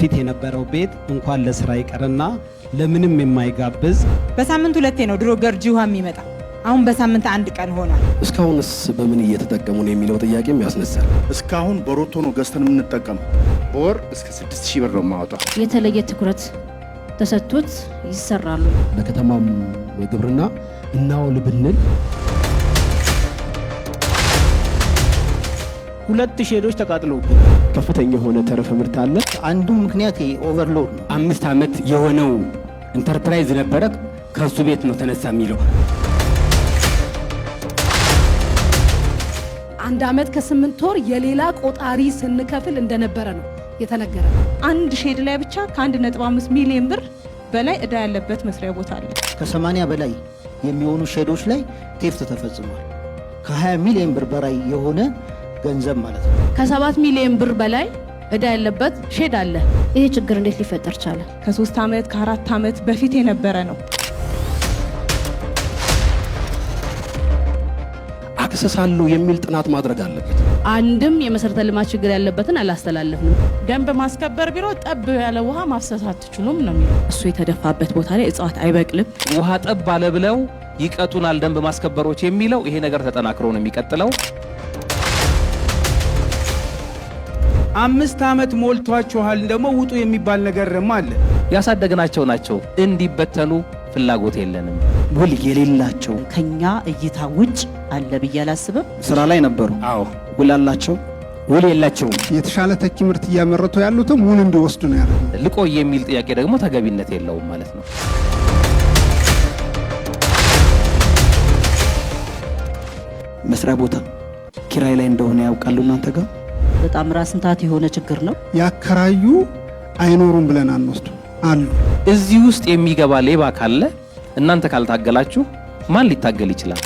በፊት የነበረው ቤት እንኳን ለስራ ይቀርና ለምንም የማይጋብዝ በሳምንት ሁለቴ ነው ድሮ ገርጂ ውሃ የሚመጣ አሁን በሳምንት አንድ ቀን ሆኗል። እስካሁንስ በምን እየተጠቀሙ ነው የሚለው ጥያቄም ያስነሳል። እስካሁን በሮቶ ነው ገዝተን የምንጠቀመው። በወር እስከ ስድስት ሺህ ብር ነው የማወጣው። የተለየ ትኩረት ተሰጥቶት ይሰራሉ። ለከተማም ግብርና እናውል ብንል ሁለት ሼዶች ተቃጥለውበት ከፍተኛ የሆነ ተረፈ ምርት አለ። አንዱ ምክንያት ኦቨርሎድ ነው። አምስት ዓመት የሆነው ኢንተርፕራይዝ ነበረ። ከሱ ቤት ነው ተነሳ የሚለው አንድ ዓመት ከስምንት ወር የሌላ ቆጣሪ ስንከፍል እንደነበረ ነው የተነገረ። አንድ ሼድ ላይ ብቻ ከ1.5 ሚሊዮን ብር በላይ እዳ ያለበት መስሪያ ቦታ አለ። ከ80 በላይ የሚሆኑ ሼዶች ላይ ቴፍት ተፈጽሟል። ከ20 ሚሊዮን ብር በላይ የሆነ ገንዘብ ማለት ነው። ከሰባት ሚሊዮን ብር በላይ እዳ ያለበት ሼድ አለ። ይሄ ችግር እንዴት ሊፈጠር ቻለ? ከሶስት ዓመት ከአራት ዓመት በፊት የነበረ ነው። አክሰስ የሚል ጥናት ማድረግ አለበት። አንድም የመሰረተ ልማት ችግር ያለበትን አላስተላለፍንም። ደንብ ማስከበር ቢሮ ጠብ ያለ ውሃ ማፍሰስ አትችሉም ነው የሚለው። እሱ የተደፋበት ቦታ ላይ እጽዋት አይበቅልም። ውሃ ጠብ አለ ብለው ይቀጡናል ደንብ ማስከበሮች የሚለው ይሄ ነገር ተጠናክሮ ነው የሚቀጥለው። አምስት ዓመት ሞልቷችኋል፣ ደግሞ ውጡ የሚባል ደግሞ አለ። ያሳደግናቸው ናቸው እንዲበተኑ ፍላጎት የለንም። ውል የሌላቸው ከኛ እይታ ውጭ አለ ብዬ አላስብም። ስራ ላይ ነበሩ። አዎ ውል አላቸው ውል የላቸውም። የተሻለ ተኪ ምርት እያመረቱ ያሉትም ውል እንዲወስዱ ነው ያለ። ልቆይ የሚል ጥያቄ ደግሞ ተገቢነት የለውም ማለት ነው። መስሪያ ቦታ ኪራይ ላይ እንደሆነ ያውቃሉ እናንተ ጋር በጣም ራስን የሆነ ችግር ነው። ያከራዩ አይኖሩም ብለን አንወስዱ አሉ። እዚህ ውስጥ የሚገባ ሌባ ካለ እናንተ ካልታገላችሁ ማን ሊታገል ይችላል?